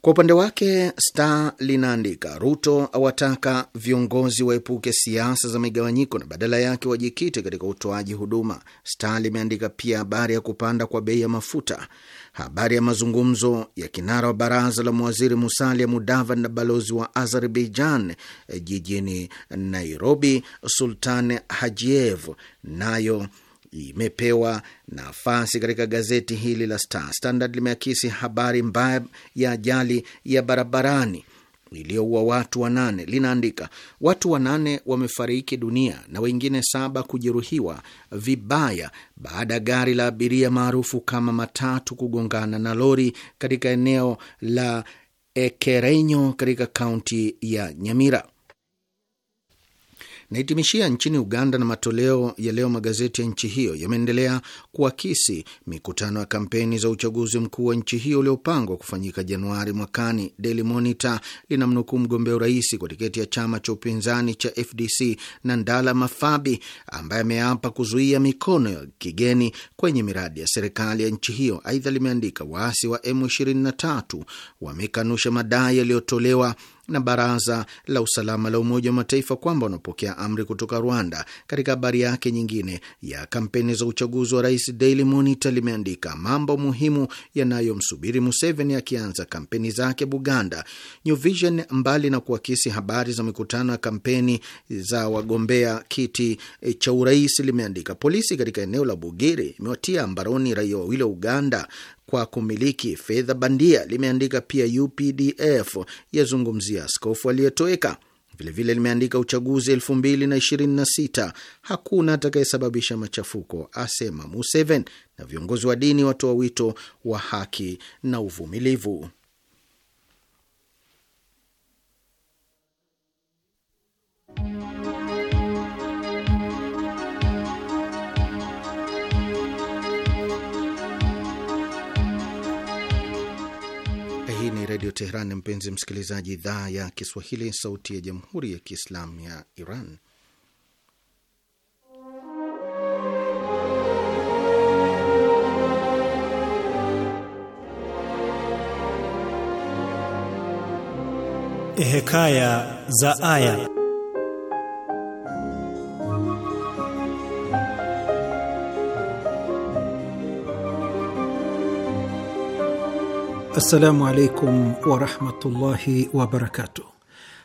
Kwa upande wake Star linaandika Ruto awataka viongozi waepuke siasa za migawanyiko na badala yake wajikite katika utoaji huduma. Star limeandika pia habari ya kupanda kwa bei ya mafuta habari ya mazungumzo ya kinara wa baraza la mawaziri Musalia Mudavadi na balozi wa Azerbaijan eh, jijini Nairobi, Sultan Hajiev, nayo imepewa nafasi katika gazeti hili la Star. Standard limeakisi habari mbaya ya ajali ya barabarani liliyoua watu wanane linaandika watu wanane wamefariki dunia na wengine saba kujeruhiwa vibaya baada ya gari la abiria maarufu kama matatu kugongana na lori katika eneo la Ekerenyo katika kaunti ya Nyamira naitimishia nchini Uganda, na matoleo ya leo magazeti ya nchi hiyo yameendelea kuakisi mikutano ya kampeni za uchaguzi mkuu wa nchi hiyo uliopangwa kufanyika Januari mwakani. Daily Monitor linamnukuu mgombea urais kwa tiketi ya chama cha upinzani cha FDC na ndala Mafabi ambaye ameapa kuzuia mikono ya kigeni kwenye miradi ya serikali ya nchi hiyo. Aidha limeandika waasi wa M23 wamekanusha madai yaliyotolewa na Baraza la Usalama la Umoja wa Mataifa kwamba wanapokea amri kutoka Rwanda. Katika habari yake nyingine ya kampeni za uchaguzi wa rais, Daily Monitor limeandika mambo muhimu yanayomsubiri Museveni akianza ya kampeni zake Buganda. New Vision, mbali na kuakisi habari za mikutano ya kampeni za wagombea kiti e, cha urais, limeandika polisi katika eneo la Bugiri imewatia mbaroni raia wawili wa Uganda kwa kumiliki fedha bandia, limeandika pia UPDF yazungumzia askofu aliyetoweka. Vilevile limeandika uchaguzi 2026 hakuna atakayesababisha machafuko, asema Museveni, na viongozi wa dini watoa wito wa haki na uvumilivu. Redio Teheran, mpenzi msikilizaji, idhaa ya Kiswahili, sauti ya jamhuri ya kiislam ya Iran. Hekaya za Aya. Assalamu alaikum warahmatullahi wabarakatuh.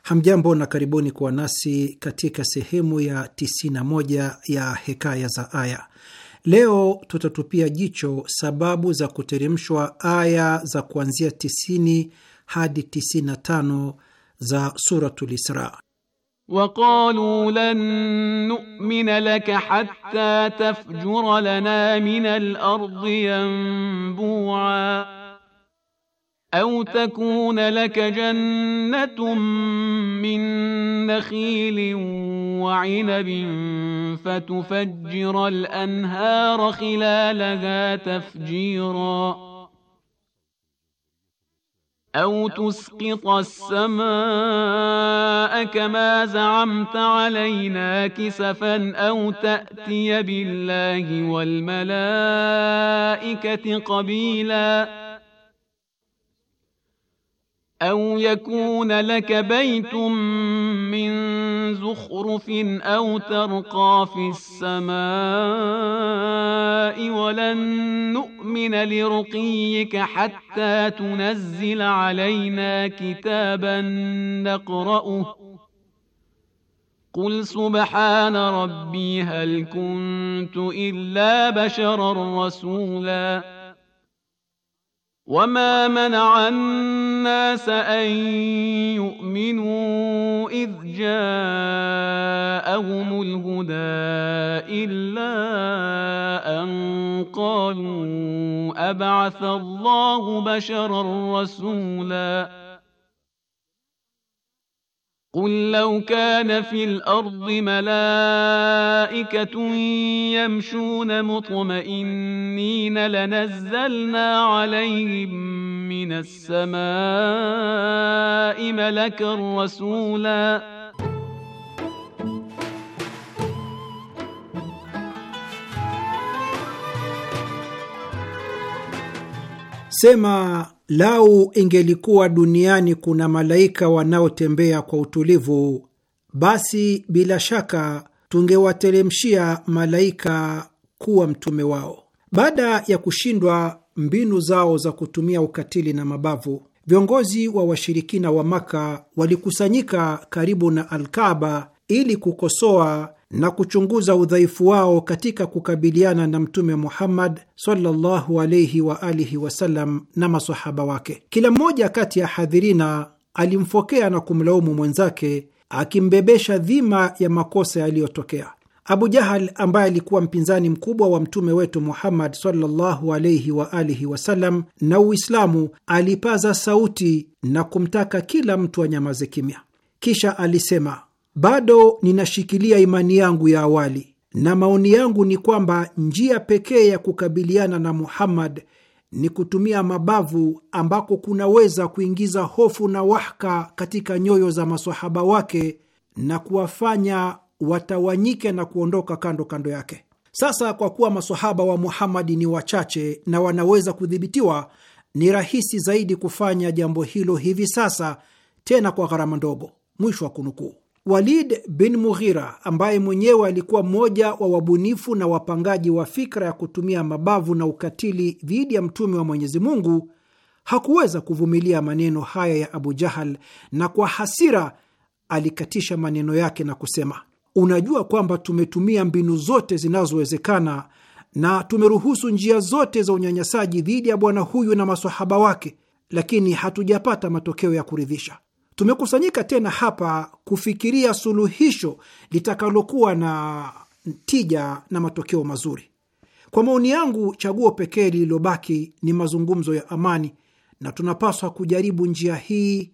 Hamjambo na karibuni kuwa nasi katika sehemu ya 91 ya Hekaya za Aya. Leo tutatupia jicho sababu za kuteremshwa aya za kuanzia 90 hadi 95 za Suratul Isra. Waqalu lan nu'mina laka hatta tafjura lana min al-ardi yanbu'a أو تكون لك جنة من نخيل وعنب فتفجر الأنهار خلالها تفجيرا أو تسقط السماء كما زعمت علينا كسفا أو تأتي بالله والملائكة قبيلاً أو يكون لك بيت من زخرف أو ترقى في السماء ولن نؤمن لرقيك حتى تنزل علينا كتابا نقرأه قل سبحان ربي هل كنت إلا بشرا رسولا وما منع الناس أن يؤمنوا إذ جاءهم الهدى إلا أن قالوا أبعث الله بشرا رسولا قل لو كان في الارض ملائكه يمشون مطمئنين لنزلنا عليهم من السماء ملكا رسولا anasema lau ingelikuwa duniani kuna malaika wanaotembea kwa utulivu, basi bila shaka tungewateremshia malaika kuwa mtume wao. Baada ya kushindwa mbinu zao za kutumia ukatili na mabavu, viongozi wa washirikina wa Maka walikusanyika karibu na alkaba ili kukosoa na kuchunguza udhaifu wao katika kukabiliana na Mtume Muhammad sallallahu wa alihi wasallam na masahaba wake. Kila mmoja kati ya hadhirina alimfokea na kumlaumu mwenzake, akimbebesha dhima ya makosa yaliyotokea. Abu Jahal ambaye alikuwa mpinzani mkubwa wa mtume wetu Muhammad sallallahu wa alihi wasallam na Uislamu alipaza sauti na kumtaka kila mtu anyamaze kimya, kisha alisema bado ninashikilia imani yangu ya awali na maoni yangu ni kwamba njia pekee ya kukabiliana na Muhammad ni kutumia mabavu ambako kunaweza kuingiza hofu na wahaka katika nyoyo za masahaba wake na kuwafanya watawanyike na kuondoka kando kando yake. Sasa, kwa kuwa masahaba wa Muhamadi ni wachache na wanaweza kudhibitiwa, ni rahisi zaidi kufanya jambo hilo hivi sasa, tena kwa gharama ndogo. Mwisho wa kunukuu. Walid bin Mughira ambaye mwenyewe alikuwa mmoja wa wabunifu na wapangaji wa fikra ya kutumia mabavu na ukatili dhidi ya mtume wa Mwenyezi Mungu hakuweza kuvumilia maneno haya ya Abu Jahal, na kwa hasira alikatisha maneno yake na kusema, unajua kwamba tumetumia mbinu zote zinazowezekana na tumeruhusu njia zote za unyanyasaji dhidi ya bwana huyu na masahaba wake, lakini hatujapata matokeo ya kuridhisha. Tumekusanyika tena hapa kufikiria suluhisho litakalokuwa na tija na matokeo mazuri. Kwa maoni yangu, chaguo pekee lililobaki ni mazungumzo ya amani, na tunapaswa kujaribu njia hii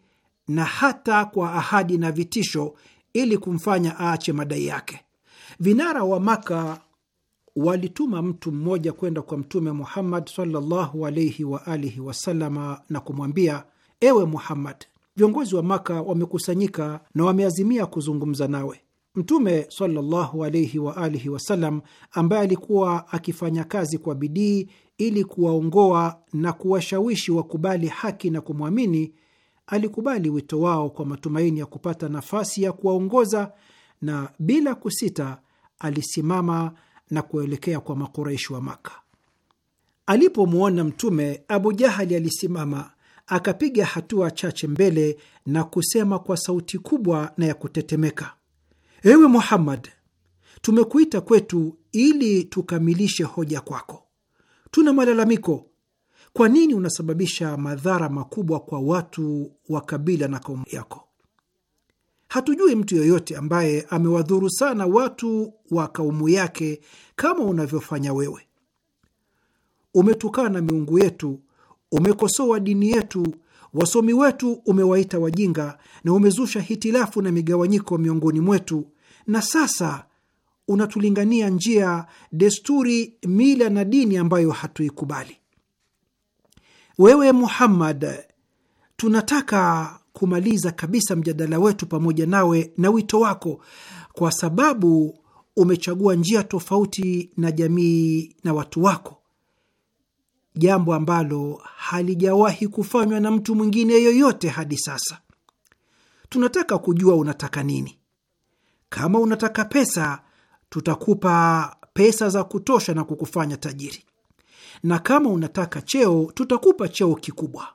na hata kwa ahadi na vitisho, ili kumfanya aache madai yake. Vinara wa Maka walituma mtu mmoja kwenda kwa Mtume Muhammad sallallahu alaihi wa alihi wasalama na kumwambia, ewe Muhammad, viongozi wa Maka wamekusanyika na wameazimia kuzungumza nawe. Mtume sallallahu wa alihi wasallam, ambaye alikuwa akifanya kazi kwa bidii ili kuwaongoa na kuwashawishi wakubali haki na kumwamini, alikubali wito wao kwa matumaini ya kupata nafasi ya kuwaongoza, na bila kusita alisimama na kuelekea kwa Makuraishi wa Maka. Alipomwona Mtume, Abu Jahali alisimama akapiga hatua chache mbele na kusema kwa sauti kubwa na ya kutetemeka, ewe Muhammad, tumekuita kwetu ili tukamilishe hoja kwako. Tuna malalamiko. Kwa nini unasababisha madhara makubwa kwa watu wa kabila na kaumu yako? Hatujui mtu yoyote ambaye amewadhuru sana watu wa kaumu yake kama unavyofanya wewe. Umetukana miungu yetu umekosoa dini yetu, wasomi wetu umewaita wajinga, na umezusha hitilafu na migawanyiko miongoni mwetu, na sasa unatulingania njia, desturi, mila na dini ambayo hatuikubali. Wewe Muhammad, tunataka kumaliza kabisa mjadala wetu pamoja nawe na wito wako, kwa sababu umechagua njia tofauti na jamii na watu wako jambo ambalo halijawahi kufanywa na mtu mwingine yoyote hadi sasa. Tunataka kujua unataka nini. Kama unataka pesa, tutakupa pesa za kutosha na kukufanya tajiri, na kama unataka cheo, tutakupa cheo kikubwa.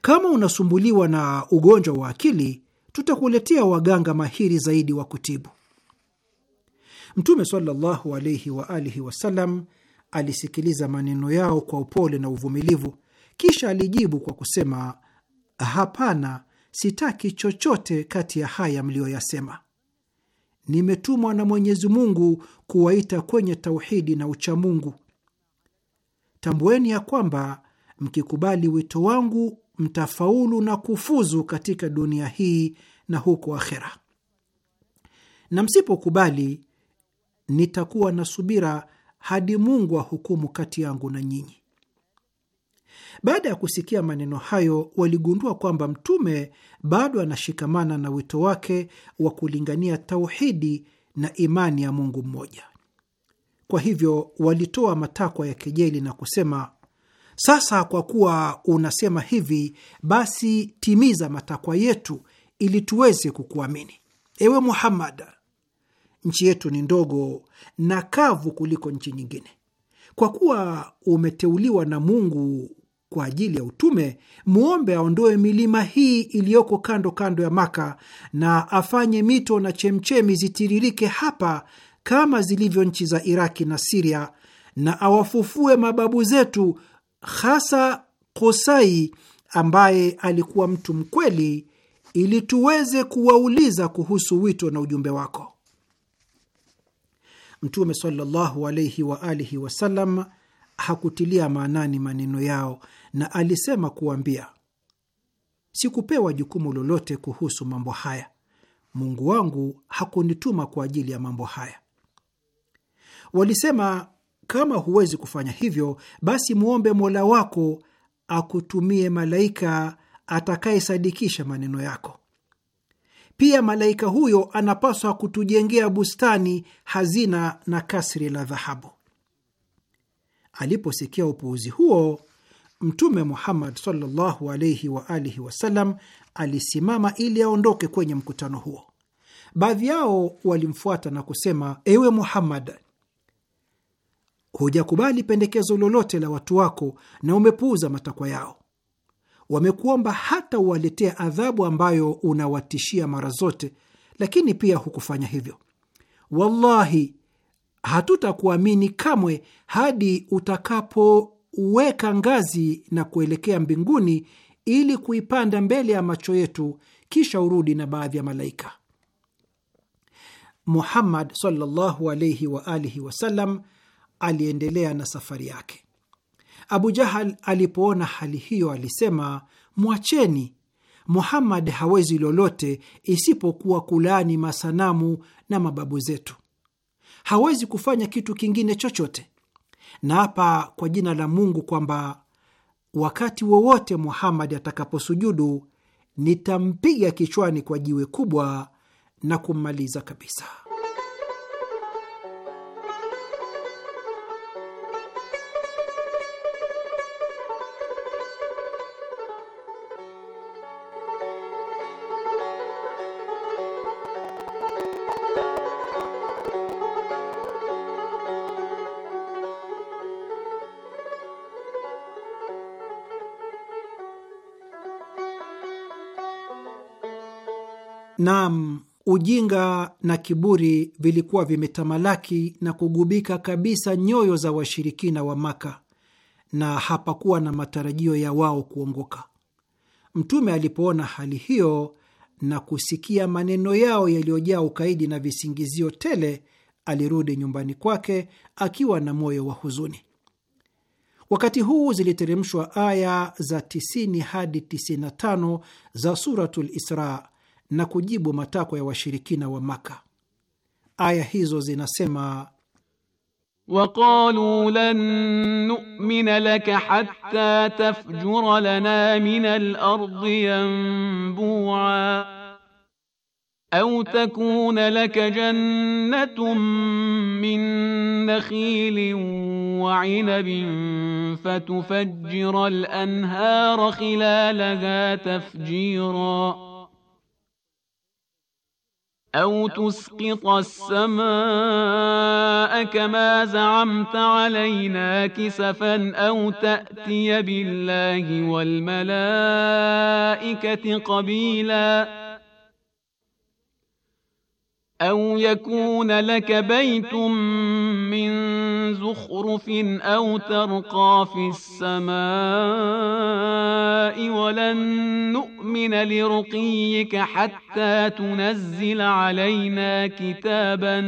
Kama unasumbuliwa na ugonjwa wa akili, tutakuletea waganga mahiri zaidi wa kutibu. Mtume sallallahu alaihi wa alihi wasallam alisikiliza maneno yao kwa upole na uvumilivu, kisha alijibu kwa kusema, hapana, sitaki chochote kati ya haya mliyoyasema. Nimetumwa na Mwenyezi Mungu kuwaita kwenye tauhidi na uchamungu. Tambueni ya kwamba mkikubali wito wangu mtafaulu na kufuzu katika dunia hii na huko akhera, na msipokubali nitakuwa na subira hadi Mungu ahukumu kati yangu na nyinyi. Baada ya kusikia maneno hayo, waligundua kwamba Mtume bado anashikamana na wito wake wa kulingania tauhidi na imani ya Mungu mmoja. Kwa hivyo walitoa matakwa ya kejeli na kusema, sasa kwa kuwa unasema hivi, basi timiza matakwa yetu ili tuweze kukuamini, ewe Muhammad. Nchi yetu ni ndogo na kavu kuliko nchi nyingine. Kwa kuwa umeteuliwa na Mungu kwa ajili ya utume, mwombe aondoe milima hii iliyoko kando kando ya Maka na afanye mito na chemchemi zitiririke hapa kama zilivyo nchi za Iraki na Siria, na awafufue mababu zetu, hasa Kosai ambaye alikuwa mtu mkweli, ili tuweze kuwauliza kuhusu wito na ujumbe wako. Mtume sallallahu alaihi wa alihi wasallam hakutilia maanani maneno yao na alisema kuambia, sikupewa jukumu lolote kuhusu mambo haya. Mungu wangu hakunituma kwa ajili ya mambo haya. Walisema, kama huwezi kufanya hivyo, basi mwombe Mola wako akutumie malaika atakayesadikisha maneno yako. Pia malaika huyo anapaswa kutujengea bustani, hazina na kasri la dhahabu. Aliposikia upuuzi huo, Mtume Muhammad sallallahu alaihi wa alihi wasallam alisimama ili aondoke kwenye mkutano huo. Baadhi yao walimfuata na kusema, ewe Muhammad, hujakubali pendekezo lolote la watu wako na umepuuza matakwa yao wamekuomba hata uwaletea adhabu ambayo unawatishia mara zote, lakini pia hukufanya hivyo. Wallahi, hatutakuamini kamwe hadi utakapoweka ngazi na kuelekea mbinguni ili kuipanda mbele ya macho yetu, kisha urudi na baadhi ya malaika. Muhammad sallallahu alayhi wa alihi wasallam aliendelea na safari yake. Abu Jahal alipoona hali hiyo alisema, mwacheni Muhammad hawezi lolote isipokuwa kulaani masanamu na mababu zetu. Hawezi kufanya kitu kingine chochote. na hapa kwa jina la Mungu kwamba wakati wowote Muhammad atakaposujudu nitampiga kichwani kwa jiwe kubwa na kummaliza kabisa. Naam, ujinga na kiburi vilikuwa vimetamalaki na kugubika kabisa nyoyo za washirikina wa Maka, na hapakuwa na matarajio ya wao kuongoka. Mtume alipoona hali hiyo na kusikia maneno yao yaliyojaa ukaidi na visingizio tele, alirudi nyumbani kwake akiwa na moyo wa huzuni. Wakati huu ziliteremshwa aya za 90 hadi 95 za Suratul Isra na kujibu matakwa ya washirikina wa Maka. Aya hizo zinasema: waqalu lan nu'mina laka hatta tafjura lana min al-ardi yanbu'a au takuna laka jannatun min nakhilin wa 'inabin fatufajjira al-anhara khilalaha tafjira أو تسقط السماء كما زعمت علينا كسفا أو تأتي بالله والملائكة قبيلا أو يكون لك بيت من زخرف أو ترقى في السماء ولن نؤمن لرقيك حتى تنزل علينا كتابا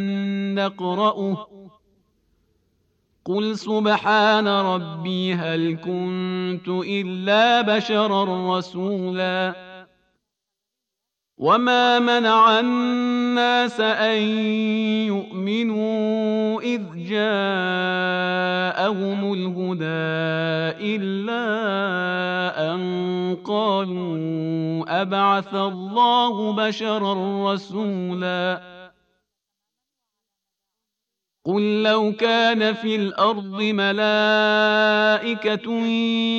نقرأه قل سبحان ربي هل كنت إلا بشرا رسولا وما منع الناس أن يؤمنوا إذ جاءهم الهدى إلا أن قالوا أبعث الله بشرا رسولا قل لو كان في الأرض ملائكة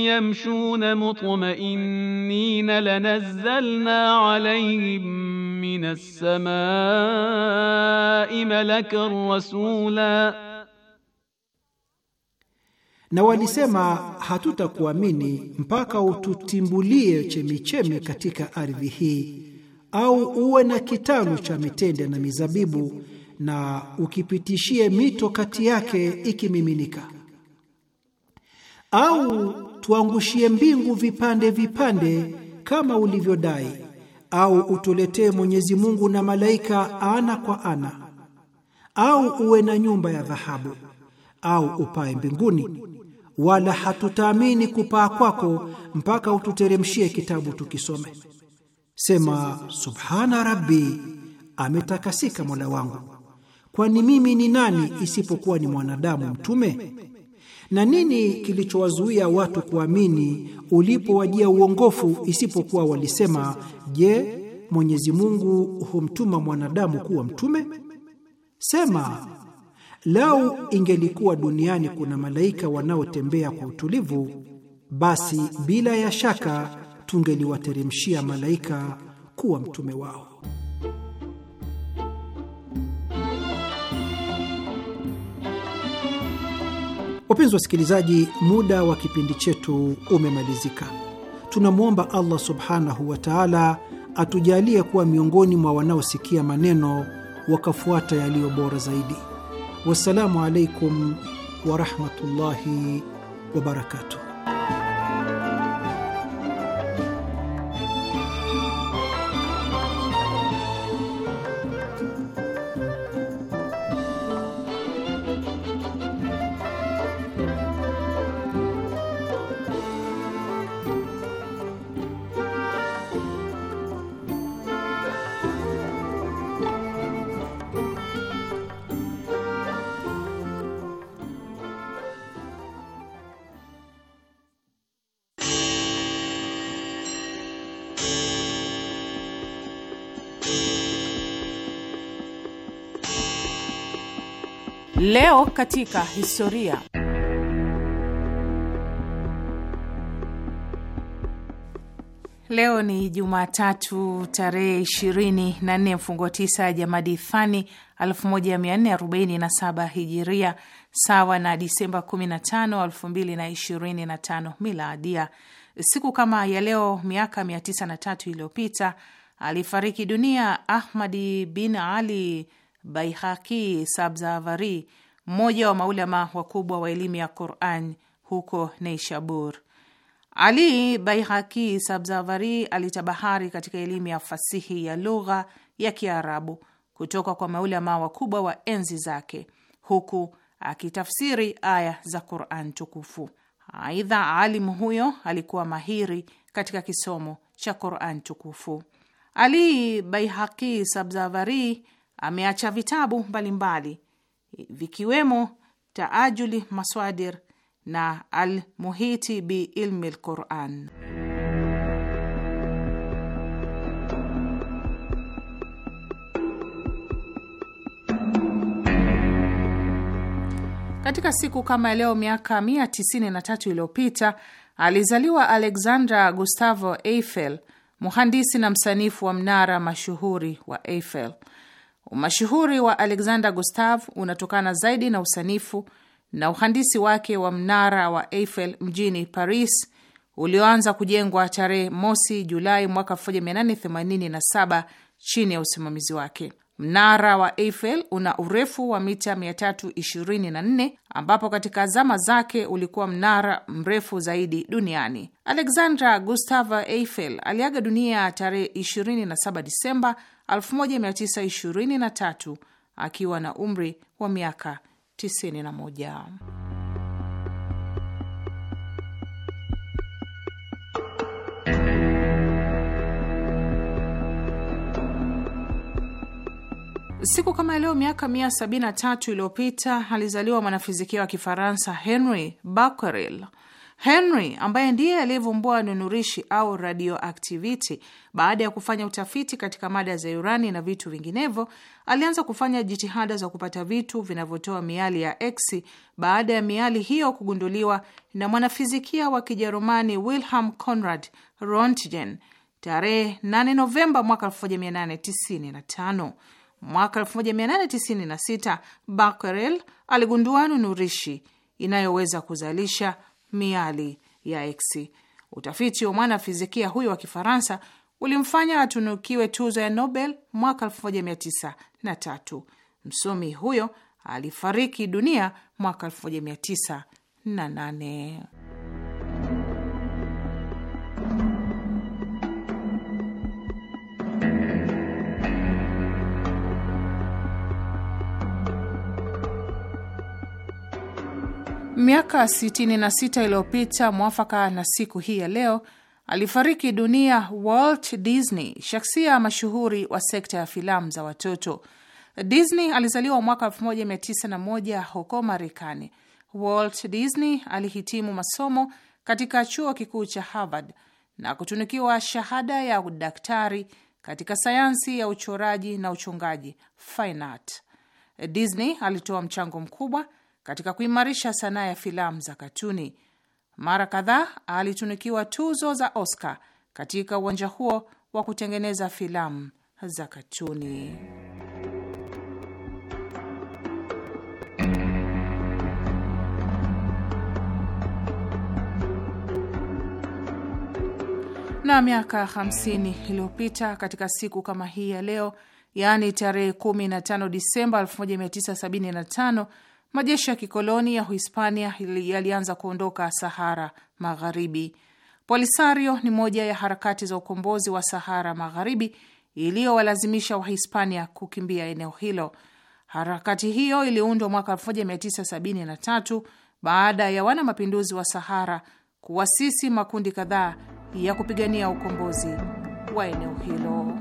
يمشون مطمئنين لنزلنا عليهم من السماء ملكا رسولا na walisema hatutakuamini mpaka ututimbulie chemichemi katika ardhi hii au uwe na kitalu cha mitende na mizabibu na ukipitishie mito kati yake ikimiminika, au tuangushie mbingu vipande vipande kama ulivyodai, au utuletee Mwenyezi Mungu na malaika ana kwa ana, au uwe na nyumba ya dhahabu, au upae mbinguni, wala hatutaamini kupaa kwako mpaka ututeremshie kitabu tukisome. Sema subhana rabbi, ametakasika mola wangu. Kwani mimi ni nani isipokuwa ni mwanadamu mtume? Na nini kilichowazuia watu kuamini ulipowajia uongofu isipokuwa walisema, je, Mwenyezi Mungu humtuma mwanadamu kuwa mtume? Sema, lau ingelikuwa duniani kuna malaika wanaotembea kwa utulivu, basi bila ya shaka tungeliwateremshia malaika kuwa mtume wao. Wapenzi wasikilizaji, muda wa kipindi chetu umemalizika. Tunamwomba Allah subhanahu wa taala atujalie kuwa miongoni mwa wanaosikia maneno wakafuata yaliyo bora zaidi. Wassalamu alaikum warahmatullahi wabarakatuh. Leo katika historia. Leo ni Jumatatu tarehe ishirini na nne mfungo tisa Jamadi Thani 1447 Hijiria, sawa na Disemba 15, 2025 Miladia. Siku kama ya leo miaka 903 iliyopita alifariki dunia Ahmadi bin Ali Baihaki Sabzavari, mmoja wa maulama wakubwa wa elimu ya Quran huko Neishabur. Ali Baihaki Sabzavari alitabahari katika elimu ya fasihi ya lugha ya Kiarabu kutoka kwa maulama wakubwa wa enzi zake, huku akitafsiri aya za Quran tukufu. Aidha, alimu huyo alikuwa mahiri katika kisomo cha Quran tukufu. Ali Baihaki Sabzavari ameacha vitabu mbalimbali mbali, vikiwemo Taajuli Maswadir na Almuhiti bi Ilmi lquran. Katika siku kama leo miaka 193 iliyopita alizaliwa Alexandra Gustavo Eiffel, muhandisi na msanifu wa mnara mashuhuri wa Eiffel. Umashuhuri wa Alexander Gustav unatokana zaidi na usanifu na uhandisi wake wa mnara wa Eiffel mjini Paris ulioanza kujengwa tarehe mosi Julai mwaka 1887 chini ya usimamizi wake. Mnara wa Eiffel una urefu wa mita 324 ambapo katika zama zake ulikuwa mnara mrefu zaidi duniani. Alexandra Gustava Eiffel aliaga dunia tarehe 27 Disemba 1923 akiwa na umri wa miaka 91. Siku kama leo miaka 173 iliyopita alizaliwa mwanafizikia wa Kifaransa Henry Becquerel Henry ambaye ndiye aliyevumbua nunurishi au radioactivity, baada ya kufanya utafiti katika mada za urani na vitu vinginevyo, alianza kufanya jitihada za kupata vitu vinavyotoa miali ya X baada ya miali hiyo kugunduliwa na mwanafizikia wa Kijerumani Wilhelm Conrad Rontgen tarehe 8 Novemba mwaka 1895. Mwaka 1896 Becquerel aligundua nunurishi inayoweza kuzalisha miali ya eksi. Utafiti wa mwanafizikia huyo wa Kifaransa ulimfanya atunukiwe tuzo ya Nobel mwaka 1903. Msomi huyo alifariki dunia mwaka 1908. Miaka 66 iliyopita mwafaka na siku hii ya leo alifariki dunia Walt Disney, shaksia mashuhuri wa sekta ya filamu za watoto. Disney alizaliwa mwaka 1901 huko Marekani. Walt Disney alihitimu masomo katika chuo kikuu cha Harvard na kutunikiwa shahada ya udaktari katika sayansi ya uchoraji na uchungaji, fine art. Disney alitoa mchango mkubwa katika kuimarisha sanaa ya filamu za katuni. Mara kadhaa alitunikiwa tuzo za Oscar katika uwanja huo wa kutengeneza filamu za katuni. Na miaka 50 iliyopita katika siku kama hii ya leo, yaani tarehe 15 Disemba 1975 Majeshi ya kikoloni ya Uhispania yalianza kuondoka Sahara Magharibi. Polisario ni moja ya harakati za ukombozi wa Sahara Magharibi iliyowalazimisha Wahispania kukimbia eneo hilo. Harakati hiyo iliundwa mwaka 1973 baada ya wana mapinduzi wa Sahara kuwasisi makundi kadhaa ya kupigania ukombozi wa eneo hilo.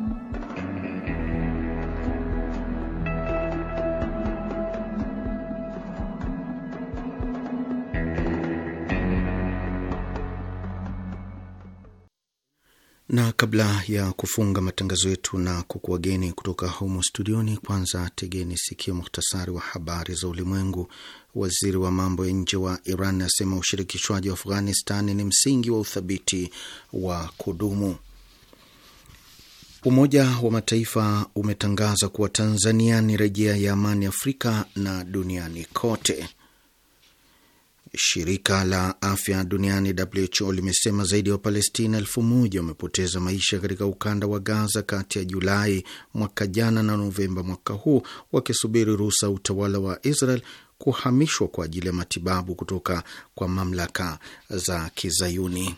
na kabla ya kufunga matangazo yetu na kukuwageni kutoka humo studioni, kwanza tegeni sikio muhtasari wa habari za ulimwengu. Waziri wa mambo ya nje wa Iran asema ushirikishwaji wa Afghanistan ni msingi wa uthabiti wa kudumu. Umoja wa Mataifa umetangaza kuwa Tanzania ni rejea ya amani Afrika na duniani kote. Shirika la afya duniani WHO limesema zaidi ya Wapalestina elfu moja wamepoteza maisha katika ukanda wa Gaza kati ya Julai mwaka jana na Novemba mwaka huu wakisubiri ruhusa utawala wa Israel kuhamishwa kwa ajili ya matibabu kutoka kwa mamlaka za Kizayuni.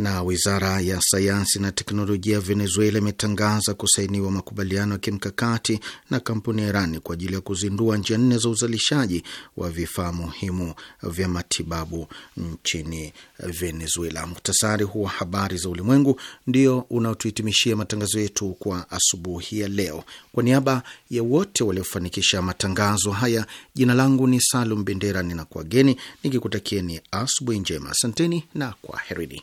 Na wizara ya sayansi na teknolojia ya Venezuela imetangaza kusainiwa makubaliano ya kimkakati na kampuni ya iran kwa ajili ya kuzindua njia nne za uzalishaji wa vifaa muhimu vya matibabu nchini Venezuela. Muktasari huu wa habari za ulimwengu ndio unaotuhitimishia matangazo yetu kwa asubuhi ya leo. Kwa niaba ya wote waliofanikisha matangazo haya, jina langu ni Salum Bendera, ninakuageni nikikutakieni asubuhi njema. Asanteni na kwaherini.